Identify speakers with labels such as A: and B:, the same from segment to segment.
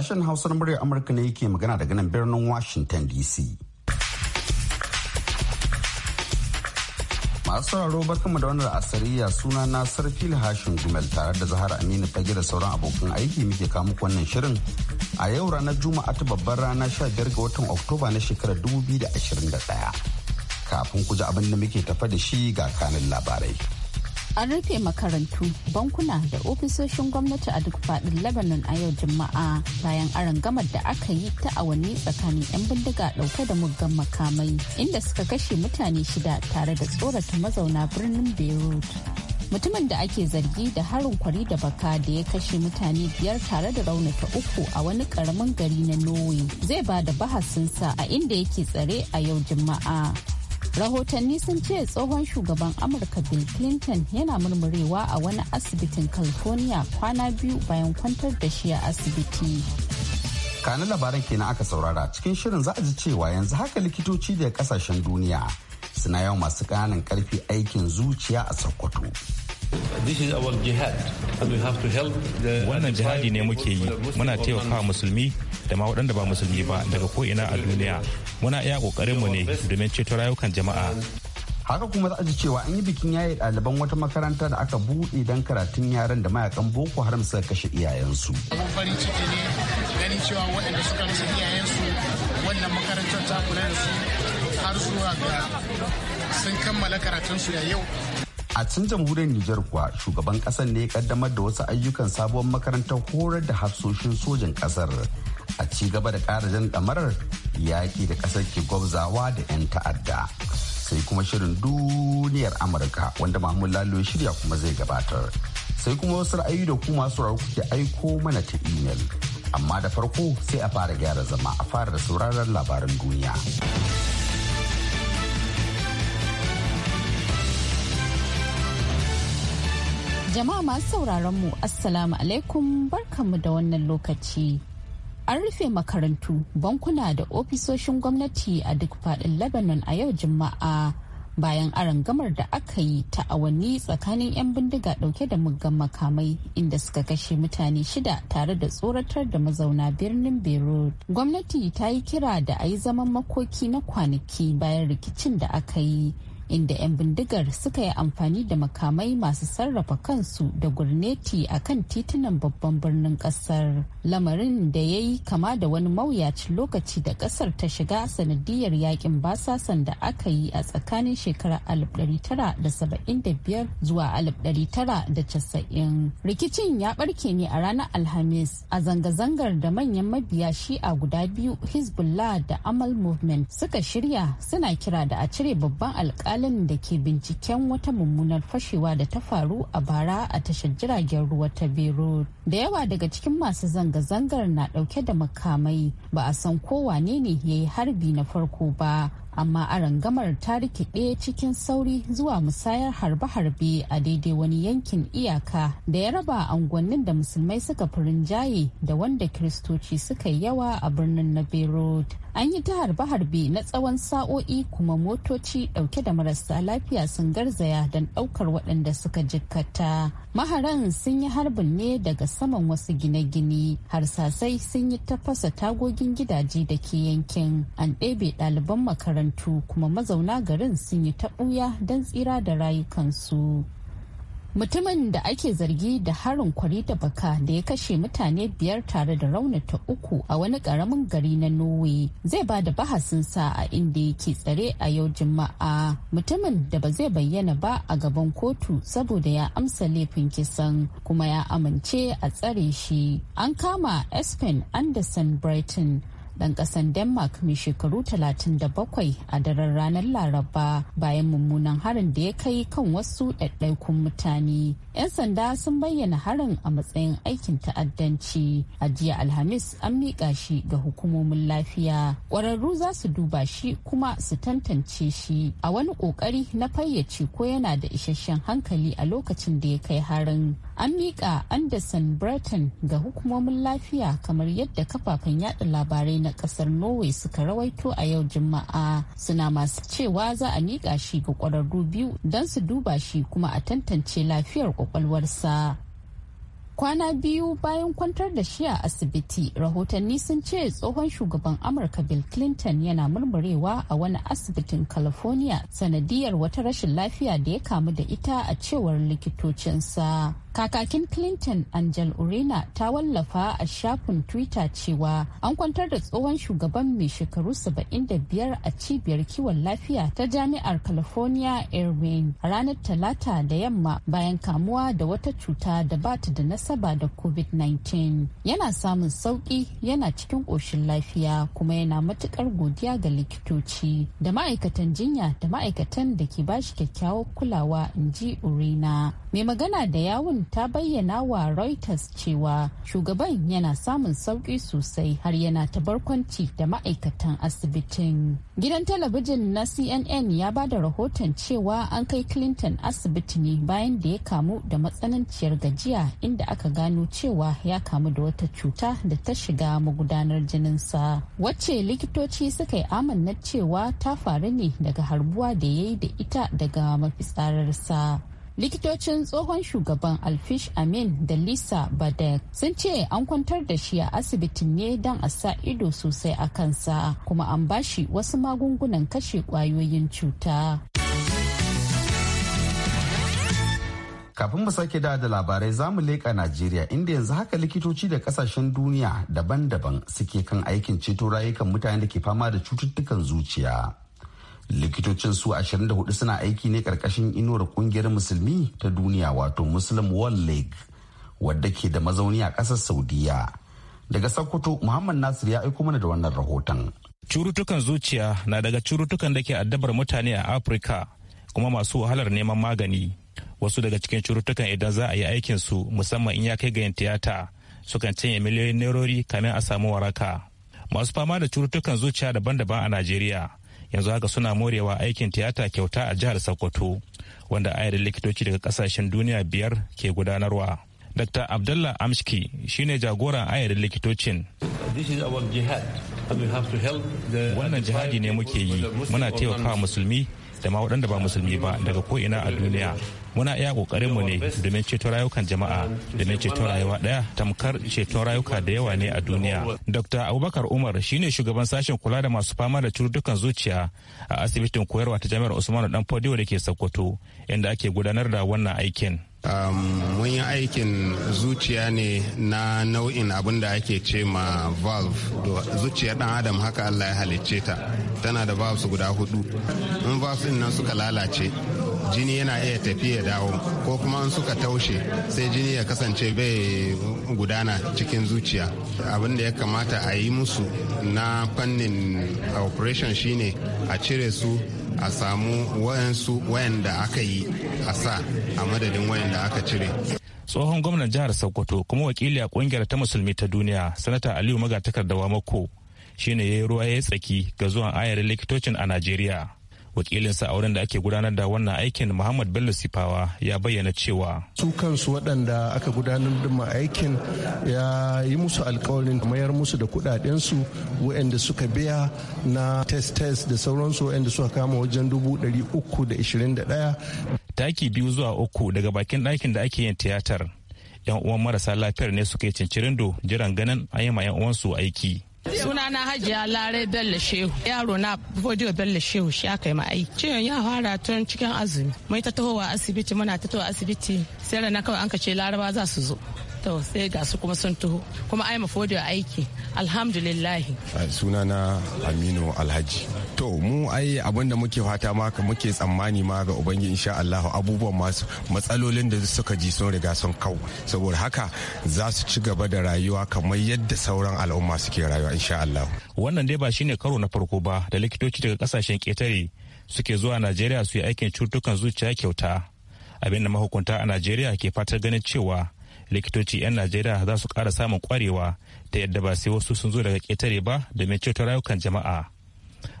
A: Sashen Hausar muryar Amurka ne yake magana daga nan birnin Washington DC. Masu sauraro barkanmu da wannan asariya suna na Sarfil Hashin Gumel tare da Zahar Aminu Fage da sauran abokan aiki muke kamu wannan shirin a yau ranar Juma'a ta babbar rana sha biyar ga watan Oktoba na shekarar dubu biyu da da ashirin ɗaya Kafin ku ji abin da muke tafa da shi ga kanin labarai.
B: an rufe makarantu bankuna da ofisoshin gwamnati a duk fadin lebanon a yau juma'a bayan aron gamar da aka yi ta awanni tsakanin 'yan bindiga dauke da muggan makamai inda suka kashe mutane shida tare da tsorata mazauna birnin beirut mutumin da ake zargi da harin kwari da baka da ya kashe mutane biyar tare da raunata uku a wani karamin gari na norway zai ba da bahasinsa a inda yake tsare a yau juma'a rahotanni sun ce tsohon shugaban amurka bill clinton yana murmurewa a wani asibitin california kwana biyu bayan kwantar da shi a asibiti
A: kanin labaran kenan aka saurara cikin shirin za a ji cewa yanzu haka likitoci daga kasashen duniya suna yawan masu ƙananan karfi aikin zuciya a sokoto
C: Wannan jihadi ne muke yi, muna taimakawa musulmi da ma waɗanda ba musulmi ba daga ko'ina a duniya. Muna iya ƙoƙarinmu ne domin ceto rayukan jama'a.
A: Haka kuma za a ji cewa an yi bikin yaye ɗaliban wata makaranta da aka buɗe don karatun yaran da mayakan Boko Haram suka kashe iyayensu.
D: abin farin ciki ne ganin cewa waɗanda suka kashe iyayensu wannan
E: makarantar ta kula da su har zuwa ga sun kammala karatunsu ya yau
A: a can jamhuriyar Nijar kuwa shugaban kasar ne ya kaddamar da wasu ayyukan sabuwar makarantar horar da hafsoshin sojan kasar a ci gaba da ƙara jan ɗamarar yaƙi da ƙasar ke gwabzawa da 'yan ta'adda sai kuma shirin duniyar amurka wanda mahmud lalo ya shirya kuma zai gabatar sai kuma wasu ra'ayi da kuma sauraro kuke aiko mana ta imel amma da farko sai a fara gyara zama a fara da sauraron labaran duniya.
B: Jama'a masu sauraron mu Assalamu alaikum barkanmu da wannan lokaci. An rufe makarantu, bankuna da ofisoshin gwamnati a duk faɗin Lebanon a yau Juma'a bayan arangamar da aka yi ta awanni tsakanin 'yan bindiga ɗauke da muggan makamai inda suka kashe mutane shida tare da tsoratar da mazauna birnin Beirut. Gwamnati ta yi kira da a yi zaman makoki na kwanaki bayan rikicin da aka yi. inda 'yan bindigar suka yi amfani da makamai masu sarrafa kansu da gurneti a kan titunan babban birnin kasar lamarin da ya yi kama da wani mawuyacin lokaci da kasar ta shiga sanadiyar yakin basasan da aka yi a tsakanin shekarar 1975 zuwa 1990 rikicin ya barke ne a ranar alhamis a zanga-zangar da manyan mabiya shi a guda biyu hezbollah da amal movement suka shirya suna kira da a cire babban alkali halin da ke binciken wata mummunar fashewa da ta faru a bara a tashar jiragen ruwa ta beirut da yawa daga cikin masu zanga-zangar na dauke da makamai ba a san ko wane ne ya yi harbi na farko ba amma arangamar ta rikide cikin sauri zuwa musayar harbe-harbe a daidai wani yankin iyaka da ya raba angonnin da musulmai suka fi rinjaye da wanda kiristoci suka yawa a birnin na beirut an yi ta harbe-harbe na tsawon sa'o'i kuma motoci dauke da marasa lafiya sun garzaya don daukar waɗanda suka jikkata maharan sun yi harbin ne daga saman wasu gine-gine harsasai sun yi tafasa tagogin gidaje da ke yankin an ɗebe ɗaliban makarantu makarantu kuma mazauna garin sun yi taɓuya don tsira da rayukansu mutumin da ake zargi da harin kwari da baka da ya kashe mutane biyar tare da raunata uku a wani ƙaramin gari na norway zai ba da bahasinsa a inda yake tsare a yau juma'a mutumin da ba zai bayyana ba a gaban kotu saboda ya amsa laifin kisan kuma ya amince a tsare shi an kama espen anderson brighton dan kasan denmark mai shekaru 37 a daren ranar laraba bayan mummunan harin da ya kai kan wasu ɗaiɗaikun mutane 'yan sanda sun bayyana harin a matsayin aikin ta'addanci a jiya alhamis an miƙa shi ga hukumomin lafiya ƙwararru za su duba shi kuma su tantance shi a wani ƙoƙari na fayyace ko yana da isasshen hankali a lokacin da ya kai harin an miƙa anderson breton ga hukumomin lafiya kamar yadda kafafen yada labarai na na kasar norway suka rawaito a yau juma'a suna masu cewa za a miƙa shi ga kwararru biyu don su duba shi kuma a tantance lafiyar kwakwalwarsa kwana biyu bayan kwantar da shi a asibiti rahotanni sun ce tsohon shugaban amurka bill clinton yana murmurewa a wani asibitin california sanadiyar wata rashin lafiya da ya kamu da ita a cewar likitocinsa kakakin clinton angel urena ta wallafa a shafin twitter cewa an kwantar da tsohon shugaban mai shekaru 75 a cibiyar kiwon lafiya ta jami'ar california irvine ranar talata da yamma bayan kamuwa da wata cuta da ba ta da nasa nasaba da covid-19 yana samun sauki yana cikin ƙoshin lafiya kuma yana matuƙar godiya ga likitoci da ma'aikatan jinya da ma'aikatan da ke bashi kyakkyawar kulawa in ji urina mai magana da yawun ta bayyana wa reuters cewa shugaban yana samun sauƙi sosai har yana ta barkwanci da ma'aikatan asibitin gidan talabijin na cnn ya ba da rahoton cewa an kai clinton asibiti ne bayan da ya kamu da matsananciyar gajiya inda aka gano cewa ya kamu da wata cuta da ta shiga magudanar jininsa wacce likitoci suka yi amanna cewa ta faru ne daga harbuwa da ya yi da ita daga mafitsararsa likitocin tsohon shugaban alfish amin da lisa badek sun ce an kwantar da shi a asibitin ne don a sa ido sosai a kansa kuma an bashi wasu magungunan kashe kwayoyin cuta
A: kafin mu sake da labarai za mu leƙa najeriya inda yanzu haka likitoci da kasashen duniya daban-daban suke kan aikin ceto rayukan mutane da ke fama da cututtukan zuciya likitocin su 24 suna aiki ne karkashin inuwar kungiyar musulmi ta duniya wato muslim world league wadda ke da mazauni a ƙasar saudiya daga sokoto muhammad nasir ya aiko mana da wannan rahoton curutukan
C: zuciya na daga curutukan da ke addabar mutane a afirka kuma masu wahalar neman magani wasu daga cikin curutukan idan za a yi aikin su musamman in ya kai ga yin tiyata sukan cinye miliyoyin nerori kamin a samu waraka masu fama da curutukan zuciya daban-daban a najeriya yanzu haka suna morewa aikin tiyata kyauta a jihar sokoto wanda ayar likitoci daga kasashen duniya biyar ke gudanarwa dr abdullah amshki shine jagoran ayar likitocin wannan jihadi ne muke yi muna taimakawa musulmi da ma waɗanda ba musulmi ba daga ko ina a duniya muna iya kokarin mu ne domin ceto rayukan jama'a domin ceto rayuwa daya tamkar ceton rayuka da yawa ne a duniya dr abubakar umar shine shugaban sashen kula da masu fama da cututtukan zuciya a asibitin koyarwa ta jami'ar usmanu dan fodiyo da ke sokoto inda ake
E: gudanar da wannan aikin Um, mun yi aikin zuciya ne na nau'in abin da ake ce ma valve zuciyar dan adam haka allah ya halicce ta tana da valves guda hudu in valves din nan suka lalace jini yana iya tafiya dawo ko kuma in suka taushe sai jini ya kasance bai gudana cikin zuciya abin da ya kamata a yi musu na fannin operation shine a cire su a samu wayansu da aka yi a sa a madadin wayan da aka cire
C: tsohon gwamnan jihar sokoto kuma wakili a kungiyar ta musulmi ta duniya sanata aliyu magatakardawa mako shine ya yi ruwa ya yi tsaki ga zuwan ayarin likitocin a najeriya wakilinsa a wurin da ake gudanar da wannan aikin muhammad bello sifawa ya bayyana cewa
E: su kansu waɗanda aka gudanar da ma aikin ya yi musu alkawarin mayar musu da kuɗaɗensu waɗanda suka biya na test test da sauransu waɗanda suka kama wajen dubu ɗari uku da ishirin da ɗaya taki
C: biyu zuwa uku daga bakin ɗakin da ake yin tiyatar yan uwan marasa lafiyar ne suka yi cincirindo jiran ganin a yi ma yan uwansu aiki
B: Sunana Hajiya Larai Bello Shehu.
F: Yaro na Fodiyo Bello Shehu shi aka yi ma aiki. ya fara tun cikin azumi. Mai ta tahowa asibiti muna ta tahowa asibiti sai na kawai an ka ce Laraba za su zo. to sai ga su kuma sun taho kuma ai a aiki alhamdulillah
E: na aminu alhaji to mu ai abin da muke fata maka muke tsammani ma ga ubangi insha Allah abubuwan masu matsalolin da suka ji sun riga sun kau saboda haka za su ci gaba da rayuwa kamar yadda sauran al'umma suke rayuwa insha Allah wannan dai ba shine karo na farko ba
C: da likitoci daga kasashen ketare suke zuwa Najeriya su yi aikin cutukan zuciya kyauta abin da mahukunta a Najeriya ke fatar ganin cewa likitoci 'yan najeriya za su kara samun ƙwarewa ta yadda ba sai wasu sun zo daga ketare ba domin ceto rayukan jama'a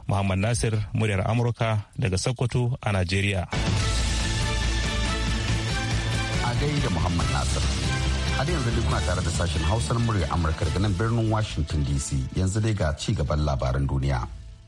C: muhammad nasir muryar amurka daga sokoto a najeriya
A: a da nasir har yanzu dai kuna tare da sashen hausar murya amurka daga nan birnin washington dc yanzu dai ga ci gaban labaran duniya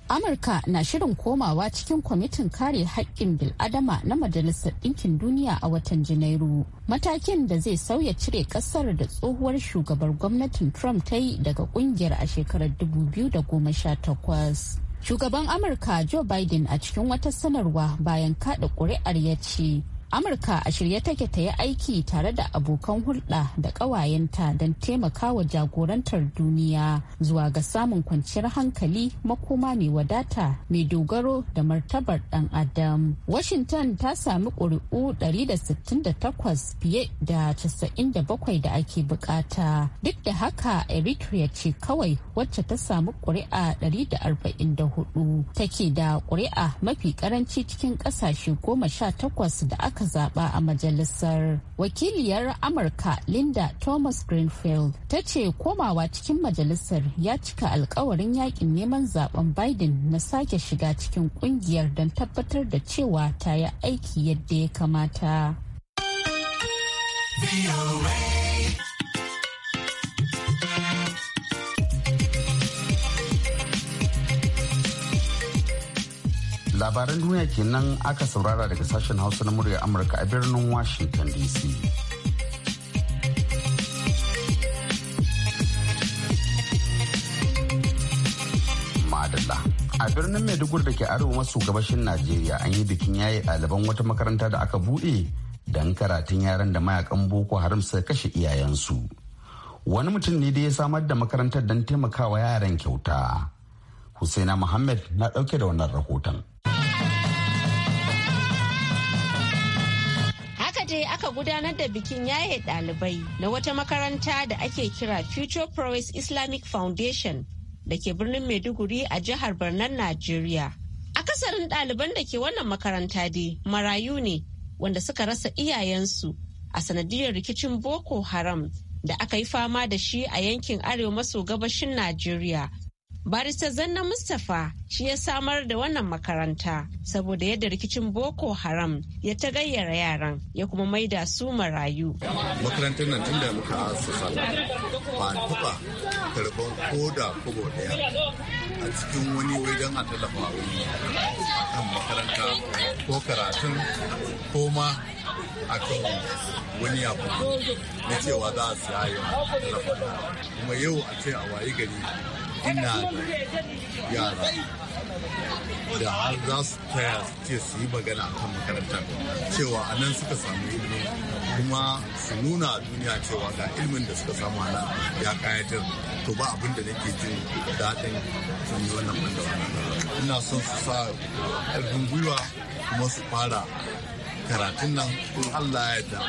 B: amurka na shirin komawa cikin kwamitin kare haƙƙin bil'adama na majalisar ɗinkin duniya a watan janairu matakin da zai sauya cire ƙasar da tsohuwar shugabar gwamnatin trump ta yi daga ƙungiyar a shekarar 2018 shugaban amurka joe biden a cikin wata sanarwa bayan kaɗa ƙuri'ar ya ce amurka a shirye take ta yi aiki tare da abokan hulɗa da ƙawayenta don taimakawa jagorantar duniya zuwa ga samun kwanciyar hankali makoma mai wadata mai dogaro da martabar ɗan adam washington ta sami ƙuri'u 168 fiye da 97 da ake bukata duk da haka eritrea ce kawai wacce ta samu ƙuri'a 144 take da ƙuri'a mafi ƙaranci cikin ƙasashe goma sha takwas da aka aka zaba a majalisar. Wakiliyar Amurka Linda Thomas Greenfield ta ce komawa cikin majalisar ya cika alkawarin yakin neman zaben Biden na sake shiga cikin kungiyar don tabbatar da cewa ta yi aiki yadda ya kamata.
A: labaran duniya kenan aka saurara daga sashen hausa na murya amurka a birnin washington dc a birnin maiduguri da ke arewa maso gabashin najeriya an yi bikin yaye ɗaliban wata makaranta da aka buɗe don karatun yaran da mayakan boko haram suka kashe iyayensu wani mutum ne da ya samar da makarantar don taimakawa yaran kyauta husaina muhammad na ɗauke da wannan rahoton.
F: waje aka gudanar da bikin yaye dalibai na wata makaranta da ake kira Future Prowess Islamic Foundation da ke birnin Maiduguri a jihar Barnar, Najeriya. Akasarin ɗaliban da ke wannan makaranta dai marayu ne wanda suka rasa iyayensu a sanadiyar rikicin Boko Haram da aka yi fama da shi a yankin arewa maso gabashin Najeriya barista zanna mustapha shi ya samar da wannan makaranta saboda yadda rikicin boko haram ya ta gayyara yaran ya kuma maida su marayu
A: makarantar nan tun da muka asusa
G: ba
A: taba karban koda kobo
D: daya a cikin
A: wani wajen a talafa wani kan makaranta ko karatun ko ma
D: a kan wani abu na cewa za a siya yau kuma yau a ce a wayi gari ina da yara da har za su taya ce su yi magana kan makarantar cewa a nan
A: suka samu ilimi kuma su nuna duniya cewa ga ilimin da suka samu nan ya kayatar to ba abin da nake jin daɗin sun yi wannan banda ina son su sa ƙarfin gwiwa kuma su fara karatun nan
D: in Allah ya da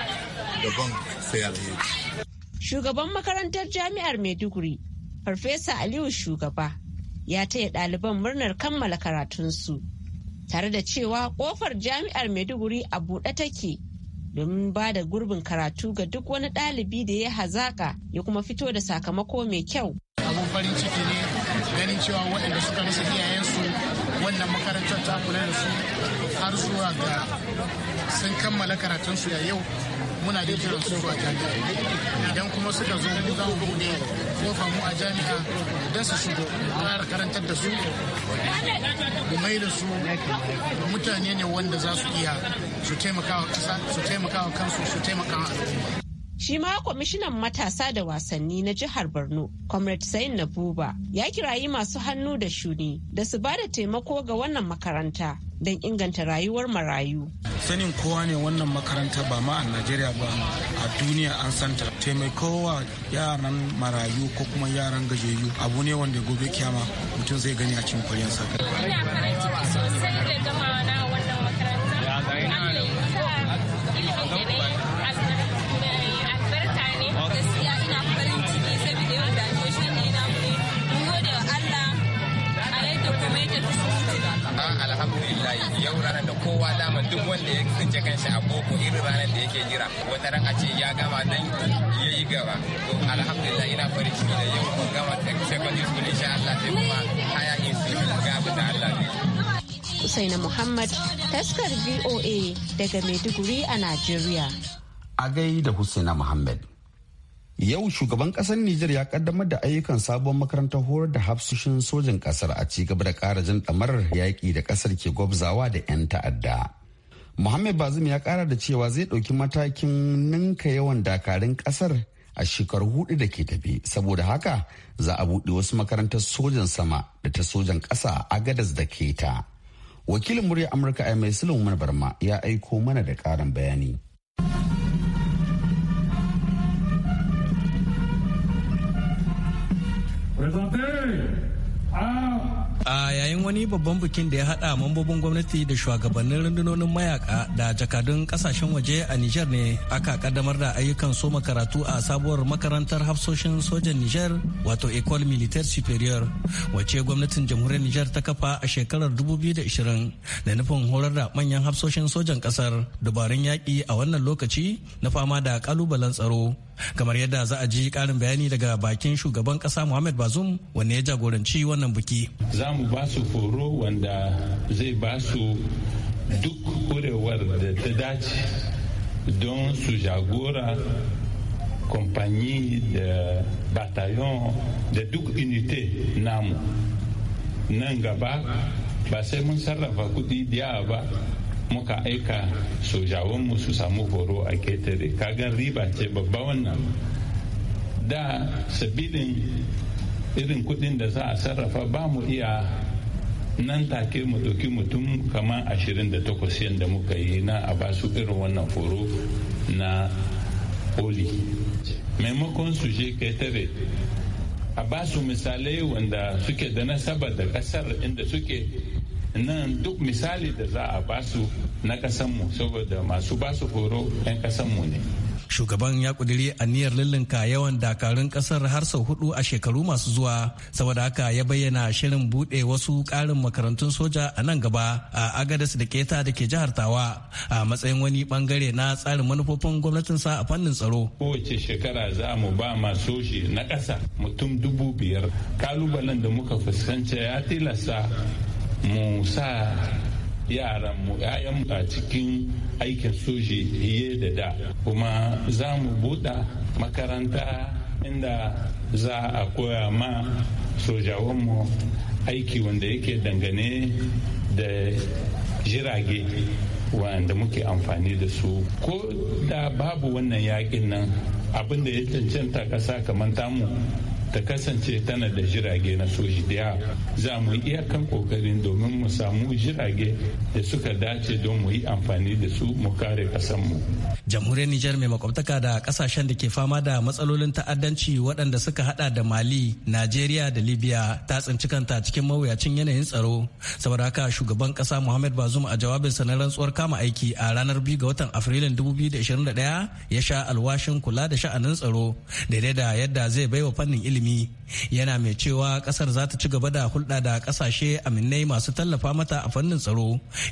D: daban sai alheri.
F: Shugaban makarantar jami'ar Maiduguri farfesa aliyu shugaba ya taya ɗaliban murnar kammala karatunsu tare da cewa ƙofar jami'ar maiduguri a buɗe take domin ba da gurbin karatu ga duk wani ɗalibi da ya hazaƙa ya kuma fito da sakamako mai kyau
E: abun farin ciki ne ganin cewa waɗanda suka rasa iyayensu wannan makarantar ta kula da su har zuwa ga sun kammala karatunsu a yau muna da jiran su zuwa jami'a idan kuma suka zo mu za mu bude kofa mu a jami'a don su shigo ƙara karantar da su mu mai da su mutane ne wanda za su iya su taimakawa ƙasa su wa kansu su taimaka al'umma
F: shi ma kwamishinan matasa da wasanni na jihar borno comrade sain nabuba ya kirayi masu hannu da shuni da su ba da taimako ga wannan makaranta don inganta rayuwar marayu. Sanin kowa ne wannan
E: makaranta ba ma a Najeriya ba a duniya an santa taimakawa yaran marayu ko kuma yaran gajeyu abu ne wanda gobe kyama mutum zai gani a cikin kwarensa.
G: Ina sosai
A: kowa dama duk wanda ya tsince kanshi a boko irin ranar da yake jira wata ran a ce ya gama dan ya yi gaba to alhamdulillah ina farin ciki da yau kun gama secondary school insha Allah sai kuma haya su ga abu da Allah ne
F: Usaina Muhammad taskar VOA daga Maiduguri a nigeria.
A: A gai da Husaina Muhammad. Yau shugaban kasar Nijar ya kaddamar da ayyukan sabon makarantar horar da hafsoshin sojin kasar a ci gaba da kara jin damar yaƙi da kasar ke gwabzawa da 'yan ta'adda. Muhammad Bazum ya kara da cewa zai ɗauki matakin ninka yawan dakarun kasar a shekaru hudu da ke tafi saboda haka za a buɗe wasu makarantar sojan sama da ta sojan ƙasa a gadas da keta. Wakilin murya Amurka a mai Barma ya aiko mana da ƙarin bayani.
H: A yayin wani babban bikin da ya haɗa mambobin gwamnati da shugabannin rundunonin mayaka da jakadun ƙasashen waje a Nijar ne aka kaddamar da ayyukan soma karatu a sabuwar makarantar hafsoshin sojan Nijar wato Ecole Militaire Superior Wace gwamnatin jamhuriyar Nijar ta kafa a shekarar 2020 da nufin horar da manyan hafsoshin sojan ƙasar dabarun yaƙi a wannan lokaci na fama da ƙalubalen tsaro. kamar yadda za a ji karin bayani daga bakin shugaban kasa muhammad bazum wanne ya jagoranci wannan biki za mu ba su horo wanda zai ba su duk kurewar da ta dace
I: don su jagora kompanyi da batayon da duk unité namu nan gaba ba sai mun sarrafa kudi diya ba muka aika sojawanmu su samu horo a ketare kagan riba ce babba wannan da sabilin irin kudin da za a sarrafa ba mu iya nan take mu ɗauki mutum kama ashirin da takwas yadda muka yi na a ba su irin wannan horo na oli maimakon su je ketare a ba su misalai wanda suke da nasaba da ƙasar inda suke nan duk misali da za a basu na kasanmu saboda masu basu
H: horo 'yan kasanmu ne shugaban ya kudiri aniyar ka yawan dakarun kasar har sau hudu a shekaru masu zuwa saboda haka ya bayyana shirin bude wasu karin makarantun soja a nan gaba a agadas da keta da ke jihar tawa a matsayin wani bangare na tsarin manufofin gwamnatinsa a fannin tsaro
I: kowace shekara za mu ba ma soji na kasa mutum dubu biyar kalubalen da muka fuskanci ya tilasta mu sa yaran mu yayan a cikin aikin soji fiye da da kuma za mu buɗa makaranta inda za a koya ma sojawanmu aiki wanda yake dangane da jirage wanda muke amfani da su ko da babu wannan yakin nan abin da ya cancanta ƙasa kamar tamu ta kasance tana da jirage na soji da za mu yi iyakan kokarin domin mu samu jirage da suka dace don mu yi amfani da su mu kare kasanmu.
H: jamhuriyar nijar mai makwabtaka da kasashen da ke fama da matsalolin ta'addanci waɗanda suka hada da mali najeriya da libya ta tsinci kanta cikin mawuyacin yanayin tsaro saboda haka shugaban kasa muhammad bazum a jawabinsa na rantsuwar kama aiki a ranar biyu ga watan afrilun 2021 ya sha alwashin kula da sha'anin tsaro daidai da yadda zai baiwa fannin ilimi ilimi yana mai cewa kasar za ta ci gaba da hulɗa da kasashe aminai masu tallafa mata a fannin tsaro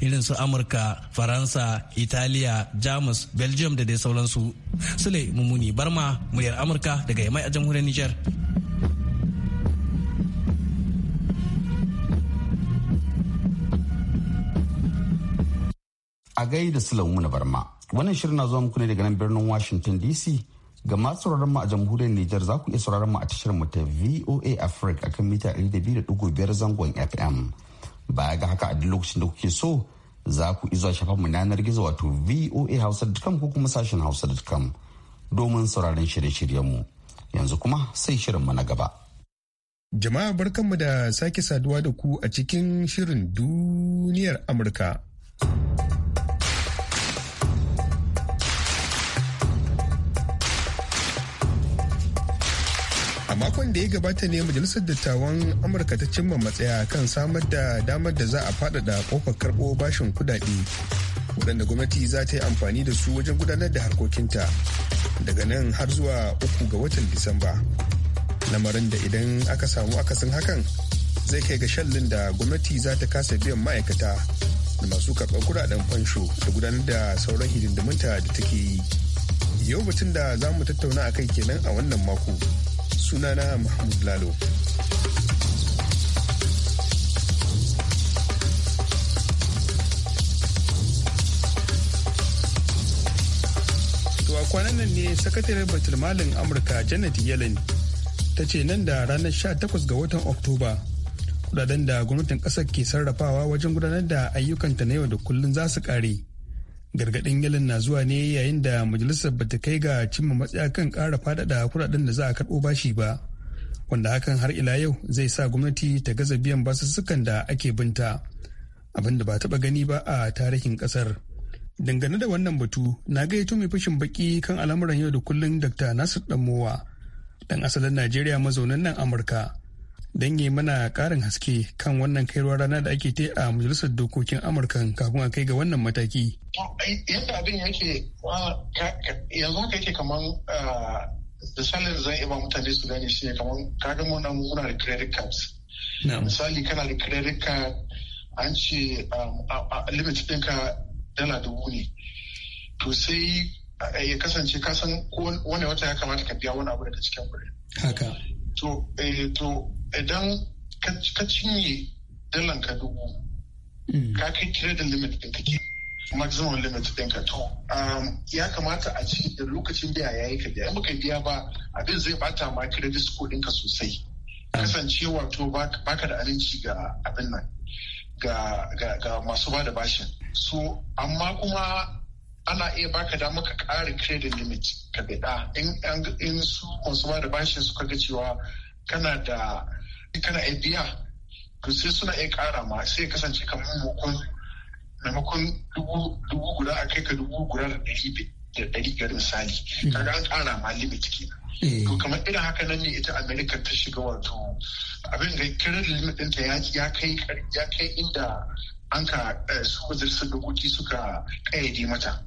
H: irin su amurka faransa italiya jamus belgium da dai sauransu sule mummuni barma muryar amurka daga yamai a jamhuriyar niger
A: a gaida Sulaimu na Barma. Wannan shirin na zuwa muku ne daga nan birnin Washington DC Ga masu sauraron mu a jamhuriyar Nijar za ku iya sauraron mu a tashar mu ta VOA Africa akan mita 200.5 zangon FM. Baya ga haka a duk lokacin da kuke so za ku izo shafan mu yanar gizo wato voa voahausa.com ko kuma sashen hausa.com domin sauraron shirye-shiryen mu. Yanzu kuma sai shirin mu na gaba.
E: Jama'a barkanmu da sake saduwa da ku a cikin shirin duniyar Amurka. a makon da ya gabata ne majalisar dattawan amurka ta cimma matsaya kan samar da damar da za a faɗaɗa kofar karɓo bashin kudade waɗanda gwamnati za ta yi amfani da su wajen gudanar da harkokinta daga nan har zuwa uku ga watan disamba lamarin da idan aka samu akasin hakan zai kai ga shallin da gwamnati za ta kasa biyan ma'aikata da masu karɓar kuɗaɗen fansho da gudanar da sauran hidindiminta da take yi yau batun da za mu tattauna a kai kenan a wannan mako sunana Mahmud Lalo. a kwanan nan ne sakataren malin amurka janet yellen ta ce nan da ranar 18 ga watan oktoba kudaden da gwamnatin kasar ke sarrafawa wajen gudanar da ayyukanta na yau da kullun za su kare gargadin yalin na zuwa ne yayin da majalisar bata kai ga cimma matsaya kan kara faɗaɗa kudaden da za a karɓo bashi ba wanda hakan har ila yau zai sa gwamnati ta gaza biyan basussukan da ake binta abinda da ba taba gani ba a tarihin kasar. dangane da wannan batu na gayyato mai fashin baki kan al'amuran yau da kullun dr nasir danmowa dan asalin najeriya mazaunan nan amurka don yi mana karin haske kan wannan kairuwar rana da ake ta a majalisar dokokin amurka kafin a kai ga wannan mataki.
D: yadda abin yake yanzu haka yake kaman misalin zan iya ba mutane su gane shi kaman kaga mu muna da credit cards misali kana da credit card an ce a limit ɗinka dala dubu ne to sai ya kasance kasan wani wata ya kamata ka biya wani abu daga cikin kuɗi. haka to eh, to idan ka cinye dalan ka dubu hmm. ka kai kira da limit ɗin kake maximum limit ka to um, ya kamata a ci da lokacin biya yayi ka biya muka biya ba abin zai bata ma credit score ɗinka sosai ah. kasancewa to baka da aminci ga abin nan ga masu bada bashin so amma kuma ana iya baka dama ka ƙarin credit limit ka bida in su consumer da bashin suka ga cewa kana da kana biya to sai suna iya ƙara ma sai kasance kamar maimakon maimakon dubu guda a kai ka dubu guda da ɗari da ɗari biyar misali hmm. kaga an ƙara ma limit ke. Eh. to kamar irin haka nan ne ita america ta shiga wato abin da credit limit ɗinta ya kai ya kai inda an ka eh, su dokoki suka kayyade mata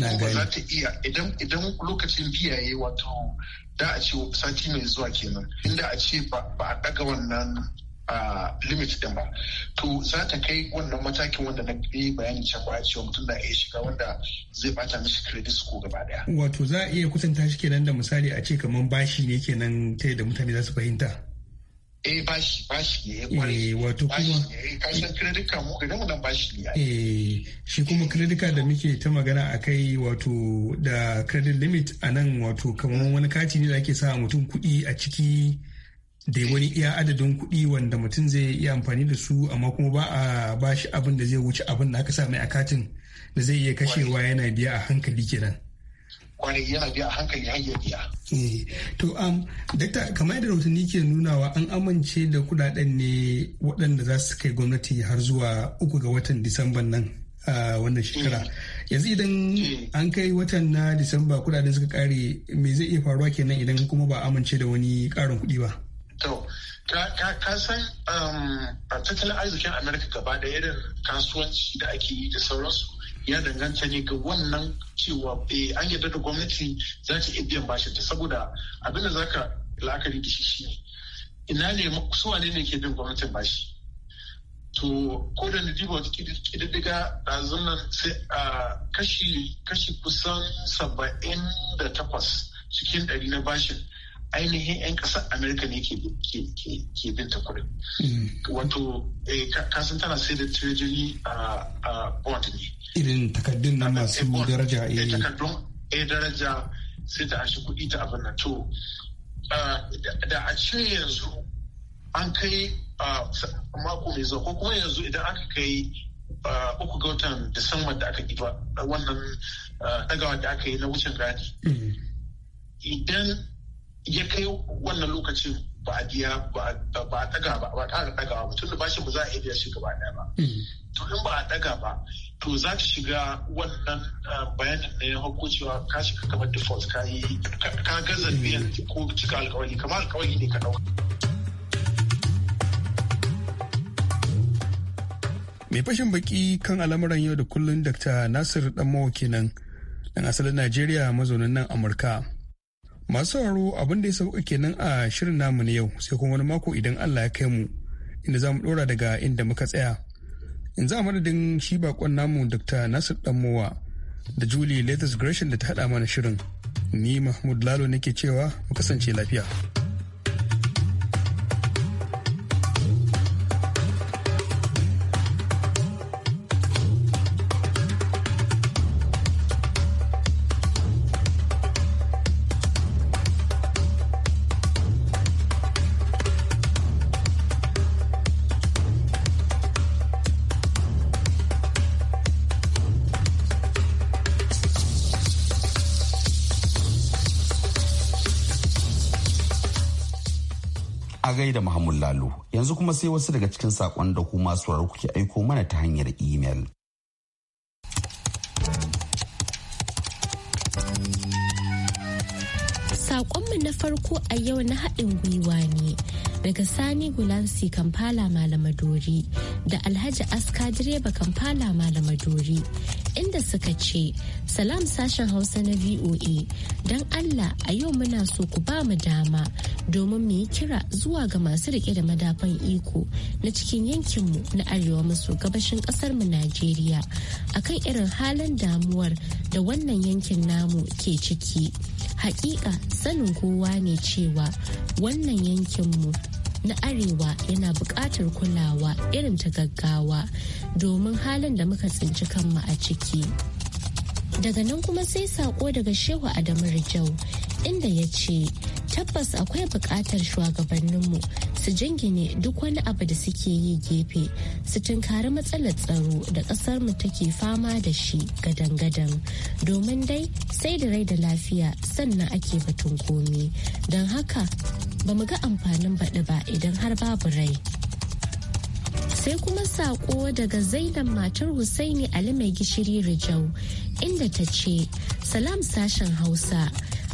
D: ba za ta iya idan lokacin biyaye wato da a ce sati mai zuwa kenan inda a ce ba a daga wannan limit din ba to za ta kai wannan matakin wanda na yi bayani can ba cewa mutum na iya shiga wanda zai bata mishi credit score gaba daya
E: wato za a iya kusanta shi kenan da misali a ce kamar bashi ne kenan ta da mutane za su fahimta eh bashi eh, eh, kuma eh, kashin shi kuma credit da muke ta magana akai wato da credit limit a nan wato kamar wani kati ne da ake sa mutum kuɗi a ciki da wani iya adadin kuɗi wanda mutum zai iya amfani da su amma kuma ba a bashi abin da zai wuce abin da aka sa mai a katin da zai iya kashewa yana biya a hankali kenan
D: kwarai yana biya a hankali hanyar ya
E: eh, To um, dakta kamar yadda rahotanni ke nunawa an amince da kudaden ne waɗanda za su kai gwamnati har zuwa uku ga watan Disamban nan a wannan shekara. Mm. Yanzu idan mm. an kai watan na Disamba kudaden suka kare me zai iya faruwa kenan idan kuma ba amince da wani ƙarin kuɗi ba.
D: To ka san um, a tattalin arzikin Amerika gaba da irin kasuwanci da ake yi da sauransu ya danganta ne ga wannan cewa eh, an yarda da gwamnati za ta iya biyan bashin ta saboda abinda za ka la'akari da shi shi ne ina ne suwa ne ke bin gwamnatin bashi to ko da diba wata kididdiga ɗazun nan sai a kashi kashi kusan saba'in da takwas cikin ɗari na bashin ainihin 'yan ƙasar amerika ne ke binta kuɗin mm. wato eh, kasan tana sai da treasury a
E: bond ne irin takardun nan masu eh, daraja eh, eh. takardun
D: a daraja sai ta ashi kuɗi ta abin nan to da a ce yanzu an kai mako mai zuwa ko kuma yanzu idan aka kai uku ga watan disamba da aka ɗiba wannan ɗagawa da aka yi na wucin gadi mm. idan ya kai wannan lokacin ba a biya ba a daga ba ba ta daga ba tun da bashin ba za a iya shiga ba ba mm. to in ba a daga ba to za ta shiga wannan ah, bayanin da na hako cewa ka shiga kamar default ka yi ka gaza mm. biyan ko cika alkawari kamar alkawari ne ka
E: dauka mai fashin baki kan al'amuran yau da kullun dr nasir dan kenan dan asalin najeriya mazaunin nan amurka masu sauraro abin da ya sauka kenan a shirin namu na yau sai kuma wani mako idan allah ya kai mu inda za mu dora daga inda muka tsaya in za madadin shi bakon namu dr nasir danmowa da julie latest gresham da ta hada mana shirin ni mahmud lalo nake cewa mu kasance lafiya.
A: yanzu kuma sai wasu daga cikin saƙon da kuma masu kuke aiko mana ta hanyar imel.
G: Saƙonmu na farko a yau na haɗin gwiwa ne daga Sani Gulansi Kampala Malamadori da Alhaji Aska Direba Kampala Malamadori inda suka ce salam sashen hausa na voa don allah a yau muna so ku ba mu dama domin mu yi kira zuwa ga masu rike da madafan iko na cikin yankinmu na arewa maso gabashin mu najeriya akan irin halin damuwar da wannan yankin namu ke ciki hakika sanin kowa ne cewa wannan yankinmu na arewa yana buƙatar kulawa irin ta gaggawa domin halin da muka tsinci kanmu a ciki daga nan kuma sai saƙo daga shehu adamu rijau inda ya ce tabbas akwai buƙatar shugabanninmu su jingine duk wani abu da suke yi gefe su tunkari matsalar tsaro da ƙasar mu take fama da shi gadan-gadan domin dai sai da rai da lafiya sannan ake batun komi don haka ba mu ga amfanin baɗi ba idan har babu rai sai kuma saƙo daga zainab matar husaini ali mai gishiri rijau inda ta ce salam sashen hausa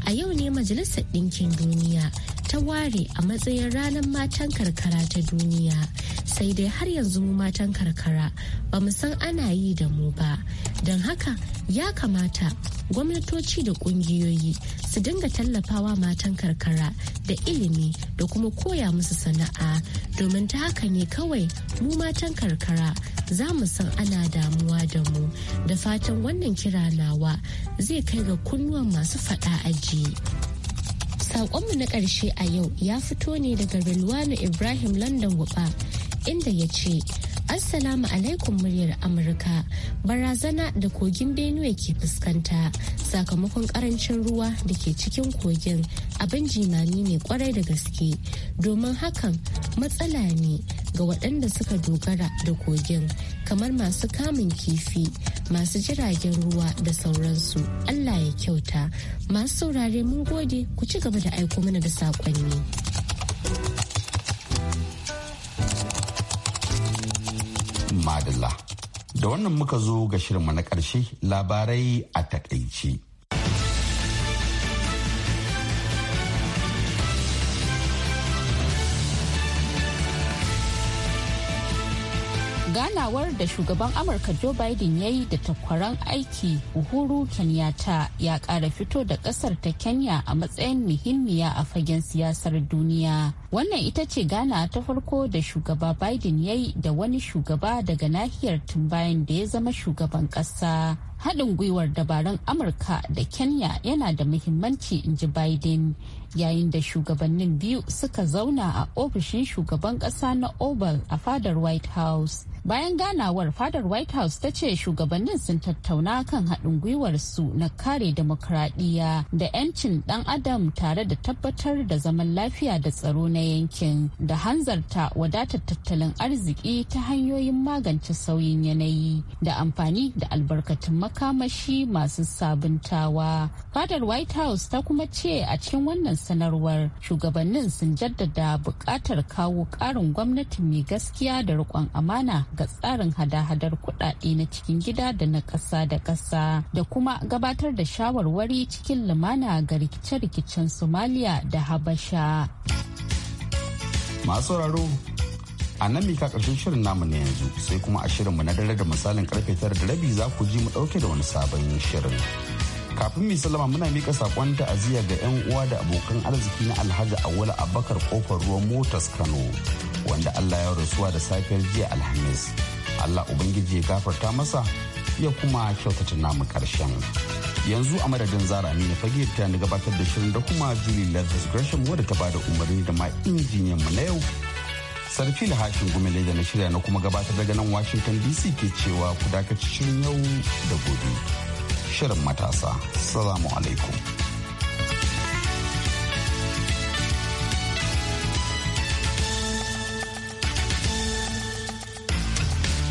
G: a yau ne majalisar ɗinkin duniya ta ware a matsayin ranar matan karkara ta duniya sai dai har yanzu mu matan karkara ba mu san ana yi da mu ba don haka ya kamata gwamnatoci da kungiyoyi su dinga tallafawa matan karkara da ilimi da kuma koya musu sana'a domin ta haka ne kawai mu matan karkara za mu san ana damuwa da mu da fatan wannan kiranawa zai kai ga kunnuwan masu faɗa aji. Sakonmu na ƙarshe a yau ya fito ne daga Rilwanu Ibrahim London guba inda ya ce, Assalamu alaikum muryar Amurka. Barazana da kogin Benue ke fuskanta sakamakon ƙarancin ruwa da ke cikin kogin abin jimami ne kwarai da gaske domin hakan matsala ne ga waɗanda suka dogara da kogin kamar masu kamun kifi masu jiragen ruwa da sauransu allah ya kyauta masu saurare mun gode ku ci gaba da aiko mana da saƙonni.
A: madalla da wannan muka zo ga shirinmu na ƙarshe labarai a takaici.
B: ganawar da shugaban amurka joe biden ya yi da takwaran aiki uhuru kenyatta ya kara fito da kasar ta kenya a matsayin muhimmiya a fagen siyasar duniya wannan ita ce gana ta farko da shugaba biden ya yi da wani shugaba daga nahiyar tun bayan da ya zama shugaban kasa haɗin gwiwar dabarun amurka da kenya yana da muhimmanci in ji biden yayin da shugabannin biyu suka zauna a ofishin shugaban ƙasa na oval a fadar white house bayan bayan ganawar fadar white house ta ce shugabannin sun tattauna kan haɗin gwiwarsu na kare demokradiyya da 'yancin ɗan adam tare da tabbatar da zaman lafiya da tsaro na yankin da hanzarta wadatar tattalin arziki ta hanyoyin magance sauyin yanayi da amfani da albarkatun makamashi masu sabuntawa fadar white house ta kuma ce a cikin wannan sanarwar shugabannin sun jaddada buƙatar kawo ƙarin gwamnati mai gaskiya da riƙon amana ga tsarin hada-hadar kudade na cikin gida da na ƙasa da ƙasa da kuma gabatar da shawarwari cikin lumana ga rikice-rikicen Somalia da Habasha.
A: Masu sauraro a nan mika karshen shirin namu na yanzu sai kuma a shirinmu na dare da misalin karfe tara da rabi za ku ji mu ɗauke da wani sabon shirin. kafin mai salama muna mika sakon ta'aziyya ga 'yan uwa da abokan arziki na alhaji a wula abakar kofar ruwan motas kano wanda Allah ya rasuwa da safiyar jiya Alhamis. Allah Ubangiji ya gafarta masa ya kuma kyautata namu karshen. Yanzu a madadin zara ne fage ta ni gabatar da shirin da kuma Julie Lazarus Gresham wadda ta bada umarni da ma injiniyan mu na yau. Sarfi hashin gumile da na shirya na kuma gabatar daga nan Washington DC ke cewa ku dakaci shirin yau da gobe. Shirin matasa. Salamu alaikum.